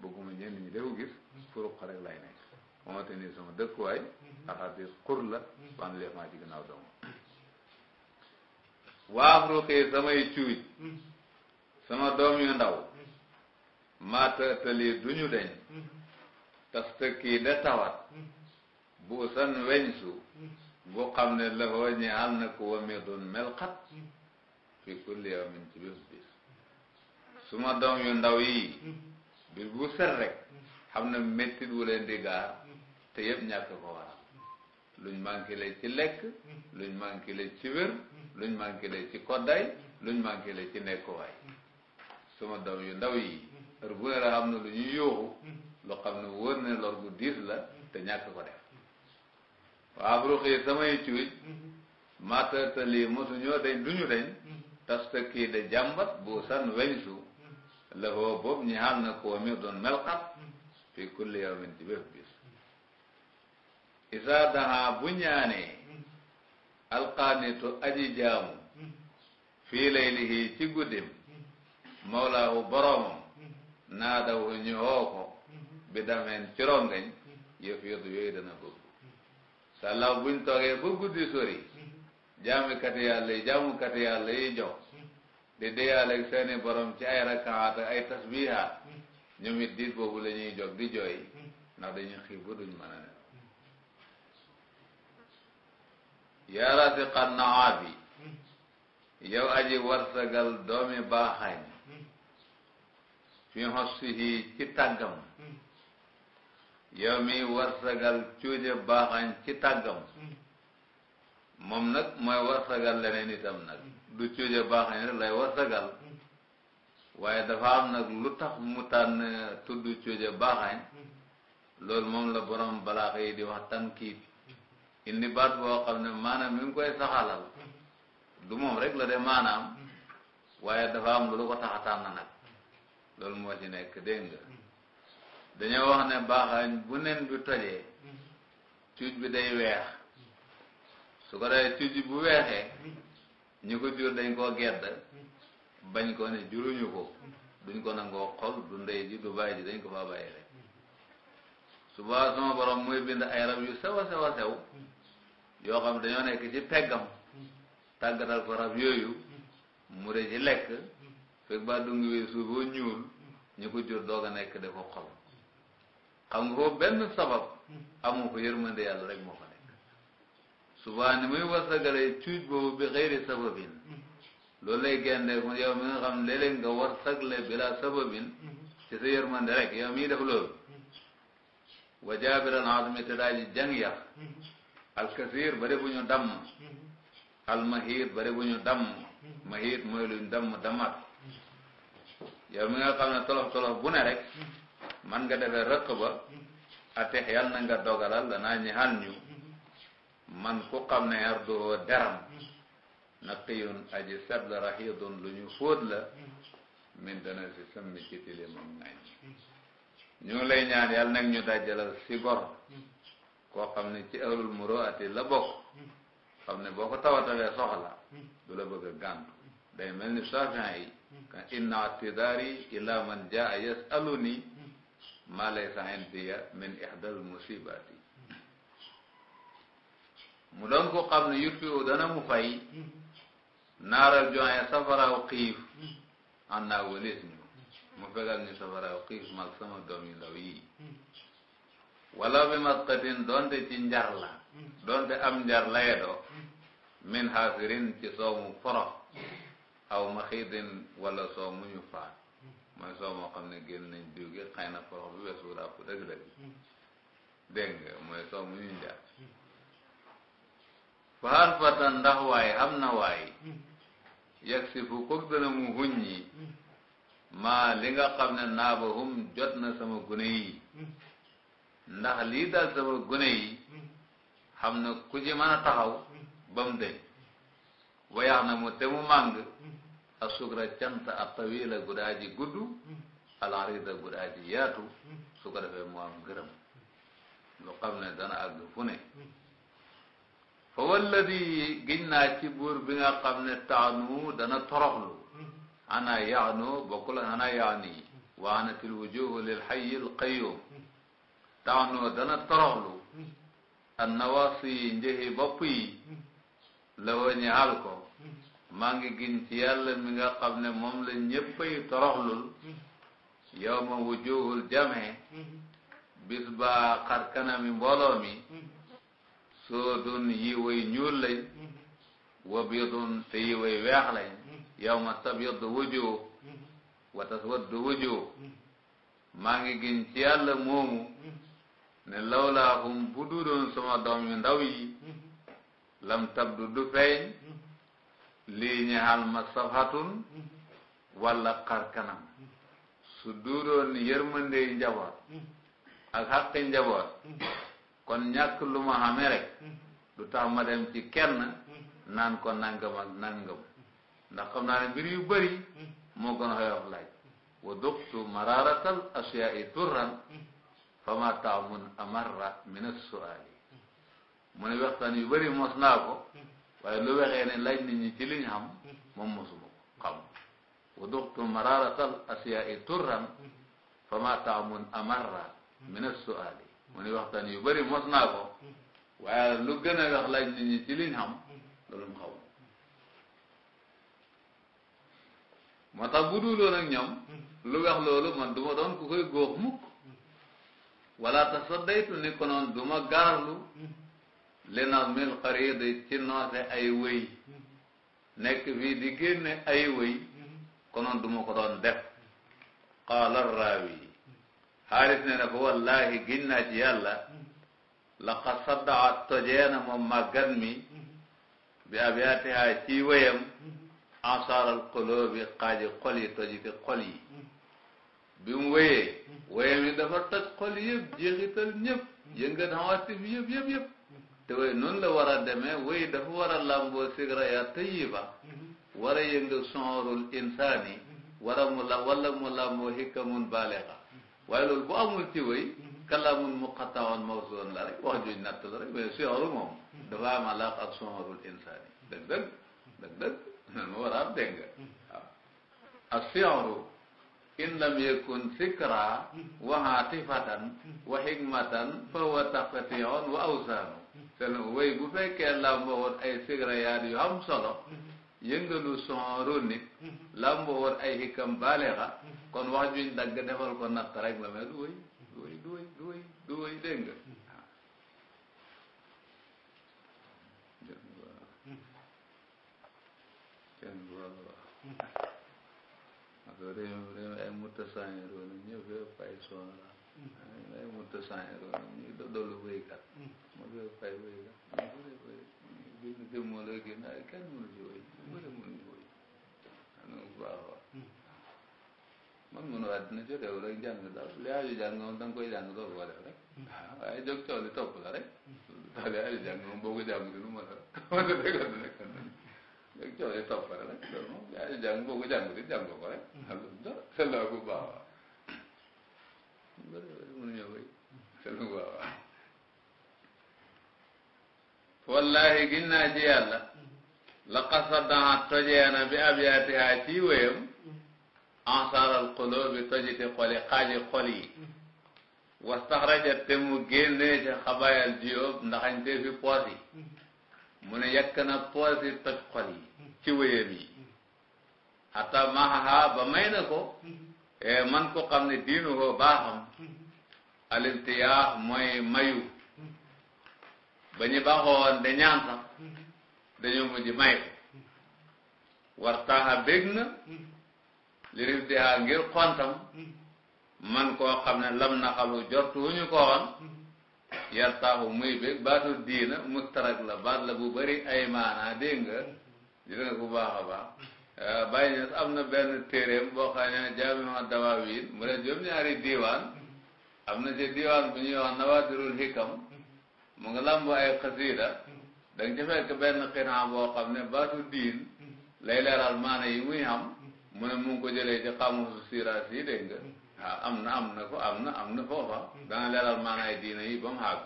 [SPEAKER 1] bëgguma ñenn ñi dew gis furuq rek lay nekk moom te ni sama dëkkuwaay alxasis xur la ban leef maa ci gannaaw doomu waaxruqii samay cuuj sama doom yu ndaw maatatali du ñu deñ tastëkkii da tawat bu san weñsu bu xam ne la foo ñi al na ko wamee doon mel xat fi kulli yawmin ci bés bi suma doom yu ndaw yi hmm. bis bu set rek hmm. xam na mettit wu leen di gaar hmm. te yëpp ñàkk ko waral luñ manqué ci lekk luñ manqué la ci wér luñ manqué la ci kodday luñ manqué la ci nekkuwaay suma doom yu ndaw yi heure bu ne la xam na lu ñuy yóoxu loo xam ne wër ne lor bu diis la te ñàkk ko def waa bruxi samay cuuj matatali mosuñoo dañ duñu dañ tas ta kii de jàmbat bu san weñ la ko boobu ñu na ko mi doon fi kulli yawmin ci bépp bis isaa daha bu ñaanee aji jaamu fii laylihi ci guddim mawlaahu boroomam naa daw ñu woo ko bi dameen ci rongañ yëf yëtu yooyu dana bëgg sàllaaw buñ toogee ba guddi sori jaamikati yàlla yi jaamukati yàlla yi jox di deyaale ak seeni borom ci ay rakaat ak ay tasbihaat ñoom it diit boobu la ñuy jóg di jooy ndax dañuy xiif ba duñ mën a ne yaa rasiqan naabi yow aji warsagal doomi baaxañ fi xossihi ci tàggam yow mi warsagal cuuje baaxañ ci tàggam moom nag mooy warsagal leneen itam nag du cuuja baax ni rek lay warsagal waaye dafa am nag lu tax mu tànn tudd cuuja baaxañ loolu moom la borom balaax yi di wax tankiit indi baat boo xam ne maanaam mi ngi koy saxalal du moom rek la de maanaam waaye dafa am lu ko tax tànn nag loolu moo ci nekk dégg dañoo wax ne baaxañ bu nen bi tojee cuuj bi day weex su ko defee tuuti bu weexee ñu ko jur dañ koo gedd bañ koo ne juruñu ko duñ ko nangoo xol du ndey ji du bàyyi ji dañ ko fa bàyyi rek suba sama borom muy bind ay rab yu sew a sew a sew yoo xam dañoo nekk ci peggam tàggatal ko rab yooyu mu de ci lekk fekk ba dungi wi suufoo ñuul ñu ko jur doog a nekk da ko xol xam nga foofu benn sabab amu ko yërmande yàlla rek moo fa subaa ni muy warsagalee cuuj boobu bi xëyri sababin loolu lay gendee mu yow mi nga xam ne léeg-léeg nga warsagle bila sababin ci sa yërmande rek yow mii def loolu wa jaabiran azmi te daal yax alkasir bari bu ñu damm bu ñu damm mahit mooy luñ damm dammat nga xam ne tolof
[SPEAKER 2] nga
[SPEAKER 1] defee rëq ba attex yal na nga dogalal danaa ñi xal ñu man ko xam ne arduhoo deram naqiyun aji set la rahidun lu ñu fóot la min dana si sëmmi ci tilimam nañ ñu ngi lay ñaan yàlla nag ñu dajalal si gor koo xam ne ci ahlul muruati la bokk xam ne boo ko tawatawee soxla du la bëgg a gàntu day mel ni safin yi kan inna atidaari ila man jaa yasaluni ma laysa indiya min ihdal musibati mu doon ko xam ne yutfi u dana mu fay naaral joxe safaraaw xiif an naa wëlees ñu mu fegal ñu safaraaw xiif mag sama doom yu ndaw yi wala bi masqatin doonte ci njar doonte am njar layedo min haasirin ci soomu forox aw maxiidin wala soomu ñu faat mooy soo moo xam ne génn nañ diw gi xëy na forox bi weesu ràpp dëgg-dëgg dégg mooy soomu ñu njar
[SPEAKER 2] ba har fatan ndax waay am na waay hmm.
[SPEAKER 1] yegg si fu koog dana mu huññi maa hmm. li nga xam ne naaba hum jot na sama gune yi hmm. ndax lii daal sama gune yi xam na ku ci mën a taxaw ba mu dëñ wayax na mu te mu màng a sugra cant a tawila gudaa ji gudd alarida gudaa ji yaatu su ko defee mu am gërëm lu xam ne dana àgg fu ne fa walladi giñ naa ci buur bi nga xam ne taanu dana toroxlu ana yaanu bokkul ana yaani waanatil wujuhu lil hayyil qayyum taanu dana toroxlu an nawaasi yi njëhi bopp yi la wañi hal ko maa ngi giñ ci yàlla mi nga xam ne moom la ñéppay toroxlul yawma wujuhul jame bis ba xar kanami mbooloo mi soodun yi way ñuul lañ wabyadun te yi way weex lañ yow ma tabyadu wajoo wa taswaddu wajoo maa ngi gën ci yàlla moomu ne lawlaa hum bu du doon sama doom yu ndaw yi lam tabdu du feeñ lii ñaxal ma safatun walla xar kanam su du doon yërmandey njaboot ak xaqi njaboot kon ñàkk lu ma xamee rek du hmm. ma dem ci kenn hmm. naan ko nangam ak nangam ndax xam naa ne mbir yu bëri hmm. moo gën a xeyof laaj wa duqtu mararatal asyaai turran fama taamun amarra min assuali mu ne yu bëri mos naa ko waaye lu waxee ne laaj nit ñi ci liñ xam moom mosuma ko xam wa duqtu mararatal asyaai turran fama taamun amarra min assuali mu ni waxtaan yu bëri mos naa ko waaye lu gën a wax laaj nit ñi ci liñ xam loolu mu xaw moo tax bu duuloon ak ñoom lu wax loolu man du doon ku koy góox mukk wala te sa daytu ni ko noon du ma gaarlu linaz mil xaride ci noose ay wëy nekk fii di génne ay wëy konoon du ko doon def qaala raawi xaalis ne na ko wallahi giñ naa ci yàlla laqad saddaat tojeena moom màggat mi bi abiyaatiha ci wéyam ansaaral qulubi xaaji xol yi tojiti xol yi bi mu wéyee wéyam yi dafa toj xol yëpp jeexital ñëpp yëngat xawatif yëpp yëpp yëpp te way noonu la war a demee wéy dafa war a làmboo sigra ya tayiba war a yëngal sonrul insaani war a mu la wala mu làmboo hikkamun baaliga waaye loolu bu amul ci wéy mhm. kalaamun muqataan mawsuun la rek wax juñ natt la rek mais sihoru moom mhm. dafa am alaq ak sonhorul insaani dëgg dëgg mhm. dëgg dëgg nan ma war a am dégg nga waaw ak sihoru in lam yakun sikra wa atifatan wa hikmatan fa huwa taqtiun wa awsaanu te wéy bu fekkee làmboo woon ay sigra yaat yu am solo yëngalu sonro nit lam boo ay xikam baalexa kon wax juñ dagg defal ko natt rek la mais du wëy du wëy du wëy du wëy du wëy dégg nga hmm. waaw dama ay mutta sangero na ñëw fépp ay sonra ay mutta sangero na ñu dollu wéykat ma fépp ay wéykat bu ñu demooloo gën a kenn mënu ci woy mbëre mënu ci woy xam nga bu baax a man mënu àddina joteewul rek jàng daal li aju jàng moom da nga koy jàng doo ko def rek waaye jóg coow li topp la rek ndax li aju jàng moom boo ko jàng di lu mën a rek jóg coow li topp la rek loolu moom li aju jàng boo ko jàng di jàng ko rek sel la bu baax a mbëre mënu ñëw woy sel bu baax a wallahi giñ naa ci yàlla la qasadaha tojeena bi abyaatiha ci wéyam ansaaral qulubi tojiti xoli xaaji xol yi wastaxrajat te mu génnee ci xabayal jiyóob ndaxañ te fi poos yi mu ne yàkk na poos yi toj xol yi ci wéyam yi xata mahaha ba may na ko e man ko xam ne diinu hoo baaxam alimtiyaax mooy mayu ba ñu baaxoo woon de ñaan sax dañoo mujj may ko bég na li rif dihaa ngir xontam man koo xam ne lam na xamu jortu wu ñu ko woon yartaaxu muy bég baatu diina mustarak la baat la bu bari ay maanaa dégg nga gis nga bu baax a baax eh, bàyyi ñes am na benn téeréem boo xam ne ñaari diiwaan am na ci diiwaan bu ñuy wax nawaadirul hikam mu ngi làmb ay xasiida da nga ci fekk benn xinaa xam ne baatu diin lay leeral maana yi muy am mu ne mu ngi ko jëlee ci yi dégg am na am na ko am na am na foofa diina yi ba mu àgg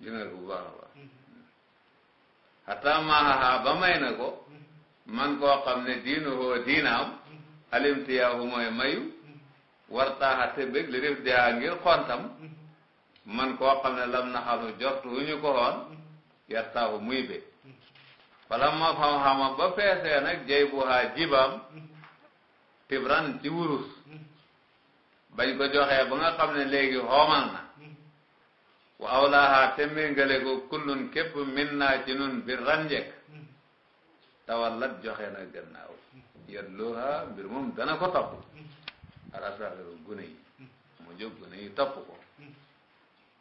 [SPEAKER 1] dina ko bu baax a baax xataa maanaha may na ko man koo xam ne diinu hoo diinaam alimtiyaahu mooy mayu wartaaxa te bég li def diyaa ngir xontam man koo xam ne lam na xasu jortu wu ñu ko xoon yattaahu muy be bala ma xam-xama ba feesee nag jay bu haa jibaam tibran ci wurus bañ ko joxee ba nga xam ne léegi xoomal na wa awlaaha te méngale ko kullun képp min naa ci nun bir ranjek tawallat joxe na gannaaw yet looha mbir moom dana ko topp ala saxiru gune yi mu jóg gune yi topp ko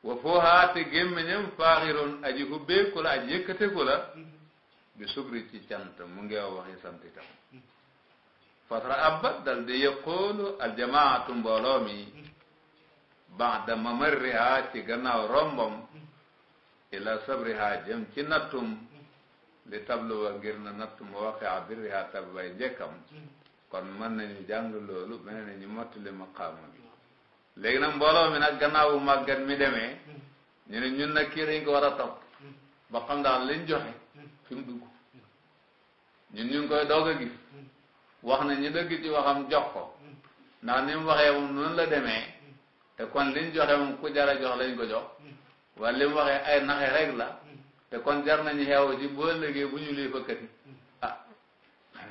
[SPEAKER 1] wa foohaa te gémmiñam faaxiroon aji hubbeeku la aji yëkkateeku la bi sugri ci cant mu ngi waxi sant itam fatra abbat dal di yëqoolu aljamaatu mbooloo mi baada mamarriha ci gannaaw rombam ila sabriha jëm ci nattum li tabluwa ngir na natt mu waqia birriha tabay njëkkam kon mën nañu jàng loolu mën nañu mottali maqaama bi léegi nag mbooloo mi nag gannaaw bu màggat mi demee ñu ne ñun nag kii dañ ko war a topp ba xam daal liñ joxe fi mu dugg ñu ngi koy doog a gis wax na ñu dëgg ci waxam jox ko ndax ni mu waxee la demee te kon liñ joxe moom ku jar a jox lañ ko jox wala li ay naxe rek la te kon jar nañu xew ci boo léegi bu ñu lii fëkkati ah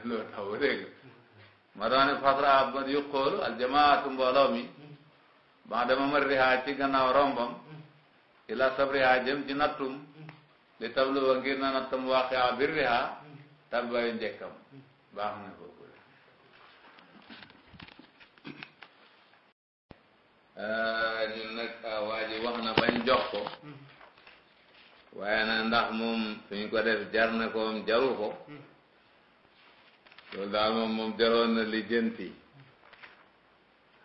[SPEAKER 1] loolu tax ba dégg ma doon ne fasra ab yuqoolu aljamaatu mbooloo mi ba dama ma rihaa ci gannaaw rombam ila sabrihaa jëm ci nattum li tablu ba ngir na nattum waaqia bir rihaa tabbaayu njëkkam baax na foofu la euh, ñun nag euh, waa ji wax na bañ jox ko waaye nag ndax moom suñ ko def jar na koom jaru ko loolu daal moom moom jaroon na lijjanti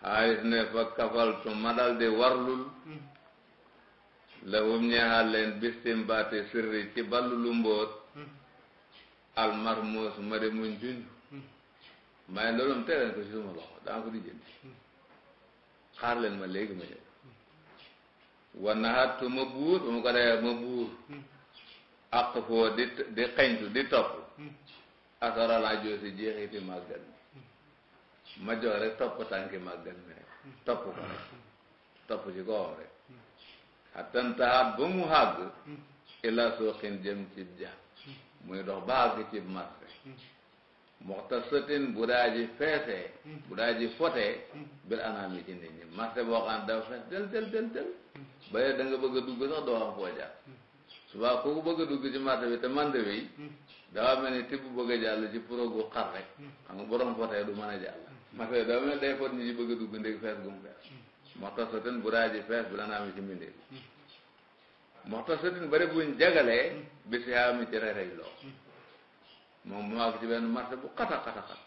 [SPEAKER 1] xaalis ne fa kafaltu ma dal di warlul lahum ñeexal leen bistimbaati sirri ci ballu lu mbóot almarmuus ma di muñ junj may loolu mu teeleen ko ci suma loxo danga ko di jënd xaar leen ma léegi ma ñëw wan naxattu ma buur ba mu ko defee ma buur àq foo di di xeñtu di topp hmm. asara laa joosi jeexiti màggal ma jox rek topp tànki màggat mi rek topp ko rek topp ci kawam rek xattan taxaat ba mu xàgg ila suuqin jëm ci ja muy dox ba àgg ci marché moxtasatin bu daa dafa fees del del del del bayee da nga bëgg dugg sax doo xam foo jaar subaa kooku bëgg dugg ci marché bi te mande bi dafa mel ni tibb bëgg jàll ci puro gu xar rek xam nga borom fotee du mën jàll masala dafa mel day fot ñi bëgg a dugg ndéeg fees gum fees mm. moxtasatin bu raa fees bu naa mi ci mbindéef mm. moxtasatin bari buñ jagalee mm. bi si haa mi ci rey rey loo moom mu ak ci benn marché bu xata xata xat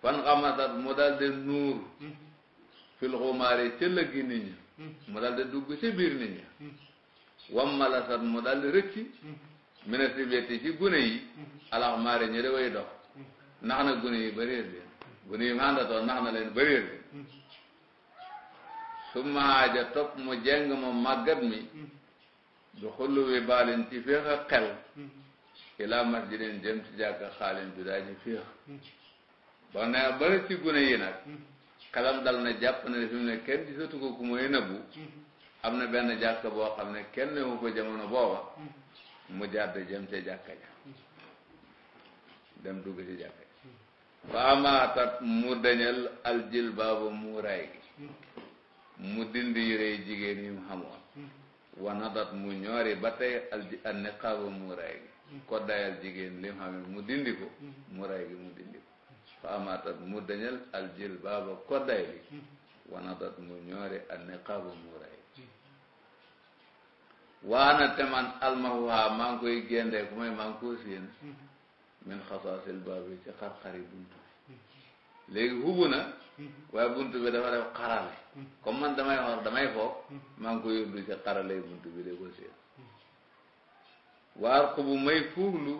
[SPEAKER 1] fan xamasat mu dal nuur fil xumaari ca lëggi nit ñi mu dal dugg ci biir nit ñi wammalasat mu dal rëcci ministre bi ci gune yi alax maari ñu de way dox ndax na gune yi ba réer bu niim àndatoon nax na leen bërier bi su maaja topp mu jeng moom màggat mi du xullu wi baalin ci féex a xel ilaa masjidin jëm ci jàkka xaalin judaa ji féex ba ne bari ci gune yi nag xelam dal na jàpp na fi mu ne kenn gisatu ko ku muy nëbbu am na benn jàkka boo xam ne kenn newu ko jamono booba mu jàdd jëm ca jàkka ja dem dugg ci jàkka faamaatat mu dañal aljilbaaba muuraay gi mu dindi yërey jigéen yu mu xamoon wanadat mu ñoori ba tey al niqaaba muuraay gi koddayal jigéen li mu xamee mu dindi ko muuraay gi mu dindi ko faamaatat mu dañal aljilbaaba kodday li wanadat mu ñoori al niqaaba muuraay gi waana te man almahuha maa koy géndee ku may maa koo séen min xasaasil baabi ci xar-xari buntu bi léegi hubu na waaye buntu bi dafa def xarale comme man damay war damay foog maa ngi ko yóbbu ci xarale buntu bi de ko séen waar xubu may fuuglu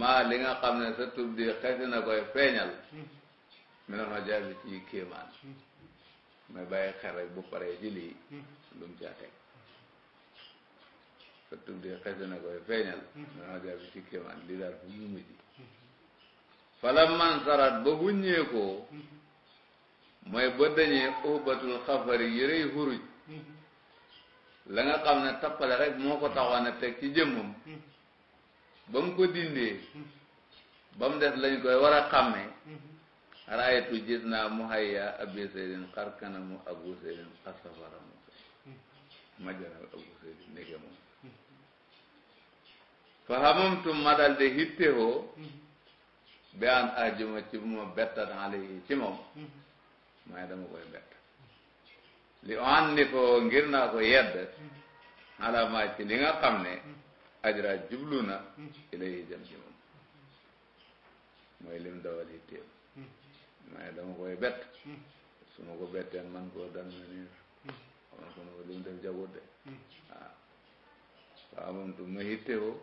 [SPEAKER 1] maa li nga xam ne sa tub di xesi na koy feeñal mi ne xojaa bi ci kéemaan may bàyyi xel rek bu paree ci lii lu mu caa teg fa tub di xes na koy feeñal dana jàpp ci kéemaan lii daal fu mu mujj
[SPEAKER 2] fala mansarat
[SPEAKER 1] ba wuññeekoo mooy ba dañee ubatul xafari yërey xuruj mm-hmm. la nga xam ne tappale rek moo ko taxoon teg ci jëmmam mm-hmm. ba mu ko dindee mm-hmm. ba mu des lañ koy war a xàmmee raaytu gis naa mu hayya abi seydin xar kanamu abu seydin xasafaram ma jaral abu seydin nege moom
[SPEAKER 2] fa hamamtu ma dal
[SPEAKER 1] di hittewoo bi an ajuma ci bu ma bettan alayhi ci moom may dama koy bett li on ni ko ngir naa ko yedd alama ci li nga xam ne ajra jublu na ilayhi jëm ci moom mooy lim dawal hitteem may su ma ko bettee man koo dan ma niir xam ko ne ko lim def jagut de waaw ma yittewoo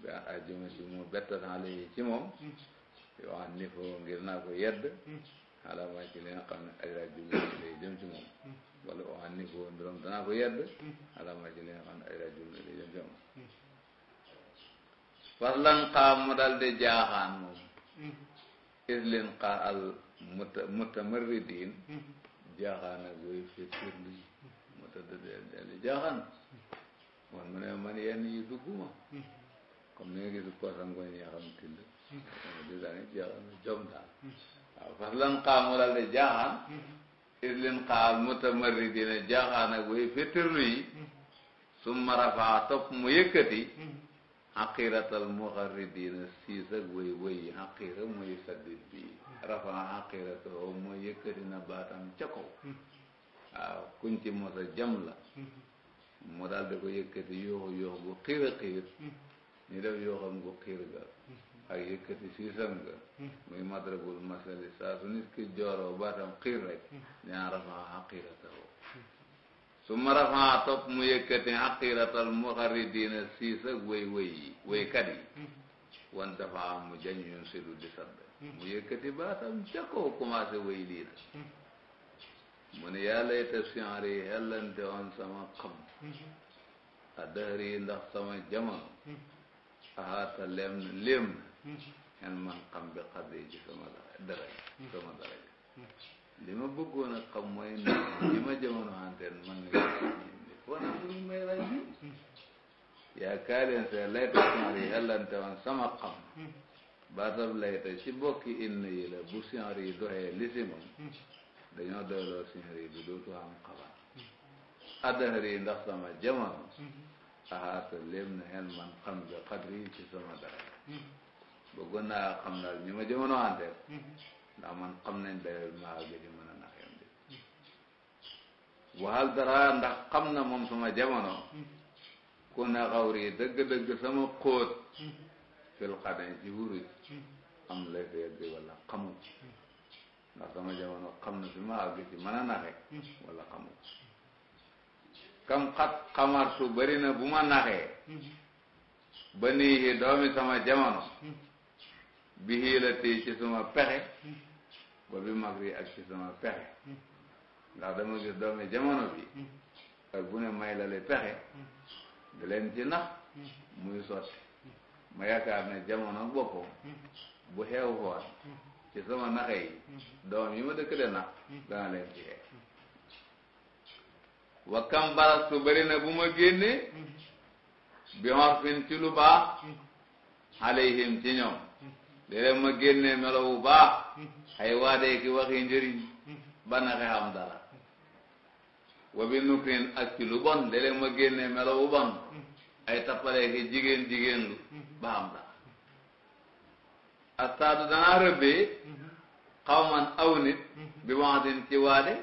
[SPEAKER 1] bi an ajjuma ci mu bettan ala yi ci ko yedd alama ci li nga xam ni foo mbirom danaa ko yedd alama ci li nga xam ne ay ajjuma lay jëm ci moom faslan xaar mu dal di jaaxaan moom islin xaar al muta mutamarridin jaaxaan ak yooyu firfirlu mu tëdd di jaaxaan man mu ne man yenn yi dugguma hmm. comme ni nga gis koosangoñ yi xam tind disanit yow am na jom daal hmm. waaw parce que lan xaamu daal de jaaxaan hmm. is leen xaal mutamarri dina jaaxaan ak way féttirlu yi su ma rafaa topp mu yëkkati xaqiratal muxarri dina siis ak way way yi xaqira muy saddit bi rafaa xaqiratoo mooy yëkkati na baatam ca kaw waaw kuñ ci mosa jam la mu daal di ko yëkkati yooxu yoox gu xiir a xiir hmm. ñu def yooxam gu xiir ga hmm. ak yëkkati siisam ga hmm. muy madrabul masali saa su nit ki jooroo baatam xiir rek ñaa rafaa xaqiratahu su ma rafaa topp mu yëkkati xaqiratal muxaridiina siis ak wéy wéy yi wéykat yi wan dafa am mu jañ yun sidu di sadd mu yëkkati baatam ca kaw commencé wéy lii na mu ne yàlla itam sienri xellante woon sama xam a dëhëri ndax sama jamono ahaata leem na leem na en man xam bi xaddi ci sama daraja li ma bëggoon a xam mooy ne li ma jamono anteen man ni
[SPEAKER 2] wana lu may laaj bi
[SPEAKER 1] yaakaareen see layta senri hellante woon sama xam ci bokki inn yi la bu senri doxee li si moom dañoo doyloo senri bi dootu am xabaar adahri ndax sama jamono ahaata léem na hen man xam bi xadri ci sama dara bëggoon naa xam daal ñu ma jamono àndeel man xam nañ dayoo bi maa gëj mën a nax yam dara ndax xam na moom suma jamono ku na xawri dëgg-dëgg sama xóot fil xaden ci am lay fa yegg wala xamu ndax sama jamono xam na fi maa gëj mën a naxe wala kam xat xamar su bëri na bu ma naxee ba nii doomi sama jamono bi hiilati ci sama pexe ba bi mag ri ak ci sama pexe ndax dama gis doomi jamono bi ak bu ne may lal pexe da leen ci nax muy sotti ma yaakaar ne jamono boppam bu xew xoon ci sama naxe yi doom yi ma dëkk de nax dana leen ci xeew wa kam barastu bëri na bu ma génnee bi orfin ci lu baax alayhim ci ñoom léeg ma génnee melo bu baax ay waadee ki waxi njëriñ ba naxe xam dara wa bi nukrin ak ci lu bon léeg ma génnee melo bu bon ay tappalee ki jigéen jigéen lu ba xam dara astaadu danaa rëbbee xawman aw nit bi waxatin ci waade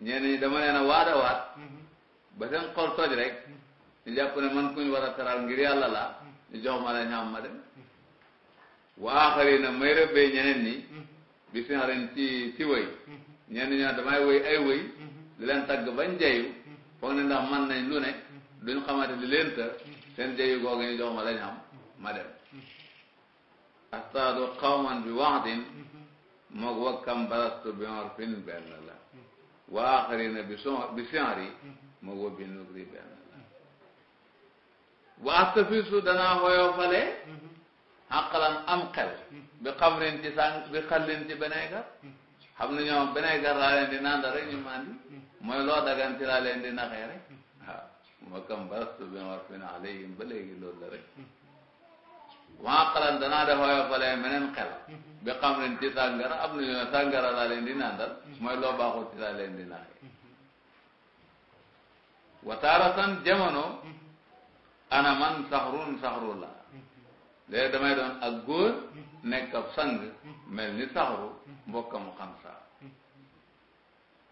[SPEAKER 1] ñenn ñi dama leen a waat a waat mm-hmm. ba seen xol toj rek ñu jàpp ne man kuñ war a taral ngir yàlla la mm-hmm. ñu jox ma la ma dem waa xari na may rëbbee bi si ren ci ci wëy mm-hmm. ñenn ñi damay wëy ay wëy di leen tagg bañ jayu foog ne ndax man nañ lu ne duñ xamante di leen tër seen jayu googu ñu jox ma la ma dem astaadu qawman bi waxdin moog wakkam barastu bi orfin benn la waa axarina bi son bi senri ma woo bi nugri benn la wa astafisu danaa hoyo fale xaqalan am xel bi xamrin ci sàng bi xallin ci beneegar xam na ñoom beneegar laa leen di nanda rek ñu mandi mooy loo dagan ci laa leen di naxee rek waaw ma kam barastu bi war fin alayhim ba léegi loolu la rek waa xalan danaa def woyofalee meneen xel bi xam leen ci sàngara am nañu laa leen di nàndal mooy loo baaxul ci laa leen di naaxee wataaratan jamono ana man saxrun saxru la léegi damay doon ak góor nekk ab sang mel ni saxru mbokkam xam saa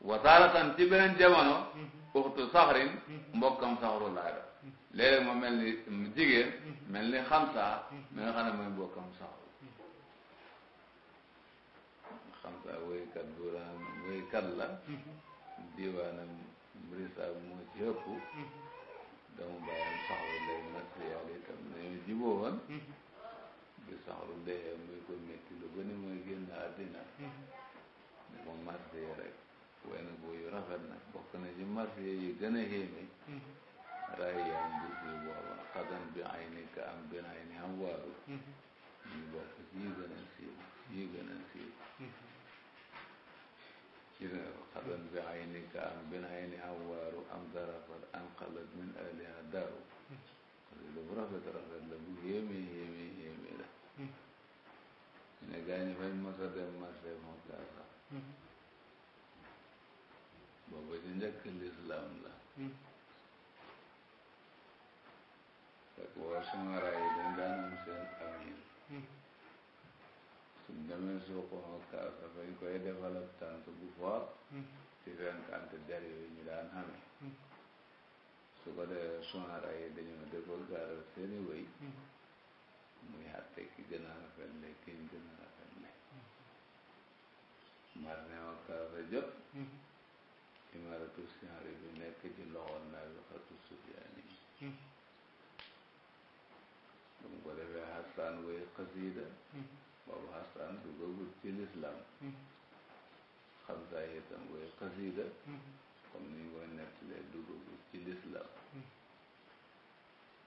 [SPEAKER 1] wataaratan ci beneen jamono uxtu saxrin mbokkam saxru laa léeg-léeg ma mel ni jigéen mm-hmm. mel ni xamsa mm-hmm. mi nga xam ne mooy bokkam sax mm-hmm. xamsa woykat buuraan woykat la diwaanam mrisa moo ci ëpp dama bàyyam saxru lay nasi yàlla itam nañu jiboo woon bi saxru dee muy ko métti lu ba ni mooy génn àddina ne ma marché rek way na booyu rafet nag bokk na ci marché yi gën a xéeme ray am bis bu booba xadan bi ay ni ka am bi ay ni am waaru ñu bokk yi gën a siiw yi gën a siiw ci ne xadan bi ay ni ka am bi ay ni am waaru am darafat an xalat min aliha daaru lu bu rafet rafet la bu yéeme yéeme yéeme la ne gaañu fañ mos a dem marché moo gaasa booba ci njëkk lislaam la sumaara yi dañ daan am seen amin suñ demee suuxuma kaas dafay koy defal ab tànt bu foor ci seen tànt der yooyu ñu daan xamee su ko defee sumaara yi dañoo defal gaaral seeni wëy muy xatte ki gën a rafet le kiñ gën a rafet le mar ne wa kaas a jot imaratu siyaar bi nekk ci loxoon naa bi xatu sufiyaani xasaan way xasiida mm-hmm. boobu xasaan duggagul ci lislaam mm-hmm. xamsa itam way xasiida mm-hmm. comme ni ñu koy nettalee duggagul ci lislaam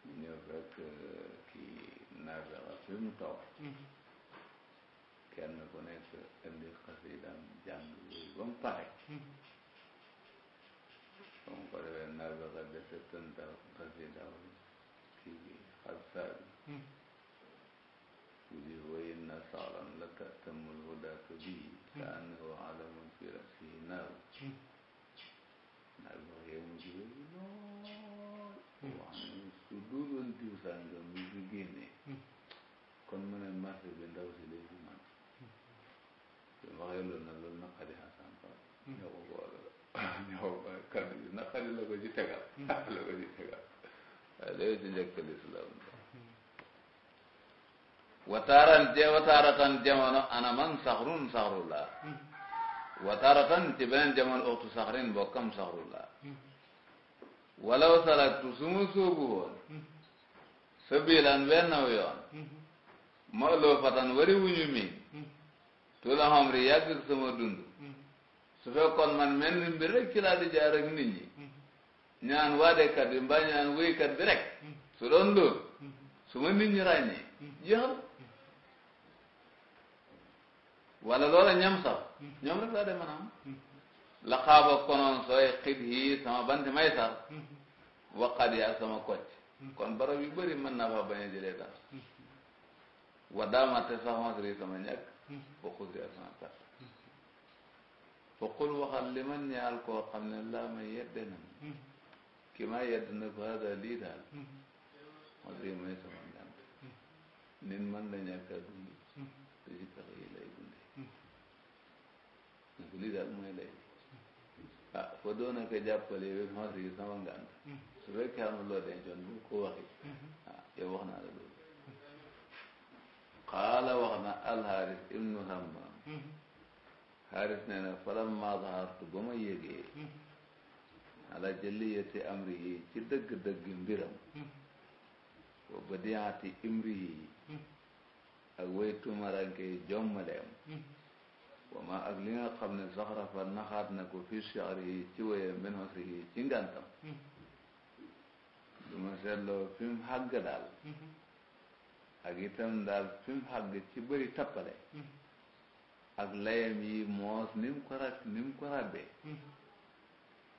[SPEAKER 1] ñu ñëw fekk euh, kii naafexa fi mu toog kenn ku nekk indi xasiidam jàng yooyu ba mu pare ba mu ko defee naafexa dese tënta xasiida kii bi xasaan تجب وإن ثغرا لتأتم الهدى به كأنه علم في رأسه نار nag wax yow mu jigéen bi
[SPEAKER 2] lool wax ne
[SPEAKER 1] su duuloon diw sàngam mi fi génnee kon mu ne marché bi ndaw si day fi man bi ma waxee loolu nag loolu naqari Hasan Ba ñoo ko boole ñoo ko boole kan bi naqari la ko ci tegal la ko ci tegal waaye léegi ci njëkk lislaam wataaran je wataaratan jamono ana man saxrun saxru la wataaratan ci beneen jamono oxtu saxrin bokkam saxru la walaw salaktu su ma soobu woon sabilan wenn aw yoon maaloo fatan wari wuñu mi tula xamri yàgg ak sama dund su fekkoon man mel ni mbir rek ci di jaar ak ñi ñaan waadekat bi mbaa ñaan wéykat bi rek su doon loolu su ma nit ñi ràññee jeexal wala loola ñam sax ñoom rek laa de a am la xaaba konoon sooy xib yi sama banti may sar waqat yaa sama kocc kon barab yu bëri mën naa fa bañ a jëlee dara wa daamate saxonsri sama ñàkk fa xusri ak sama perte fa qul waxal li man ñaal koo xam ne laa ma yedde na ki ma yedd na ko hada lii daal xonsri may sama ñàkk nit mën la ñàkk a dund te ci pexe lii daal mooy lay ah fa doon ak a jàppale ba ma si sama ngànt su fekkee amul loo dencoon bu ko waxi ah yow wax naa la loolu qaala wax na alxaaris ibnu hammam xaaris nee na falam zahartu ba ma yégee ala jëlliyati amri yi ci dëgg-dëgg mbiram wa badiyaati imri yi ak way tumaranke jommaleem wama ak li nga xam ne soxra fa naxaat na ko fi chahrihi ci woye min hosrihi ci ngàntam su ma seetloo fi mu xàgg daal ak daal fi mu ci bëri tappale ak yi moos ni ko rab ni ko rabbee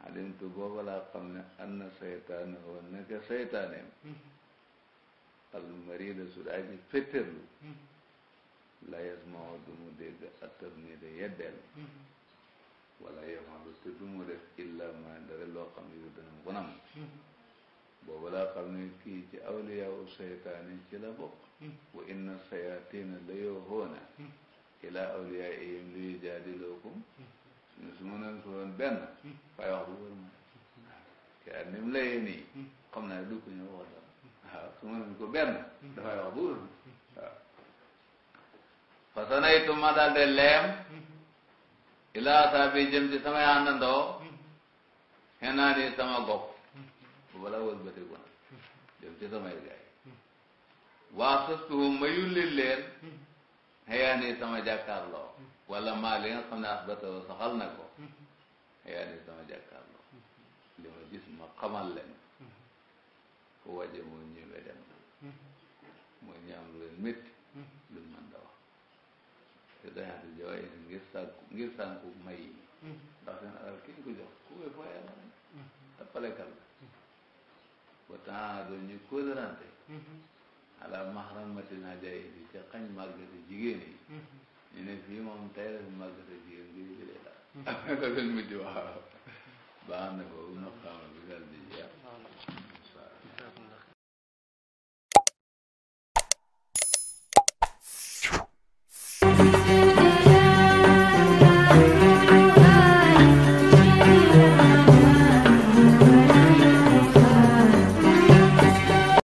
[SPEAKER 1] alimtu booba laa xam ne anna saytaane woon naka saytaaneem almarida su daa ji féttéerlu la yasmau du mu dégg atam ni de yeddeel wala yamalu te du mu def illa ma dara loo xam ne yu dana mu ko nam boobu laa xam ne kii ci awliyaa seytaane ci la bokk wa inna sayatina la yoxoona ila awliyaa ihim li yujaadilookum ñu su mënoon su doon benn fay wax bu wër ma yaa ni mu layee nii xam naa du ko ñu wax dara waaw su mënoon ko benn dafay wax bu wër ma fasana yi tumma daal de leem ilaa saa bi jëm ci samay àndandoo xenaan yi sama gopp bu balaa wëlbatiku na jëm ci samay gaay waa sustuhu ma yulli leen xeyaan yi sama jàkkaarloo wala maa li nga xam ne asbatoo soxal na ko xeyaan yi sama jàkkaarloo li ma gis ma xamal leen ko waje moo ñëwee dem na moo ñaam lu leen métti te day xati jooy ngir sànku ngir sànku may yi ndax seen alal ki ñu ko jox ku koy fooyee la rek la pourtant doon ñu kóolërante ala mahramatin hajaay di ca xañ màggati jigéen yi ñu ne fii moom tey la fi màggati jigéen bi jëlee daal am na ko seen mujj waaw baax na boobu na xaama bi daal di jeex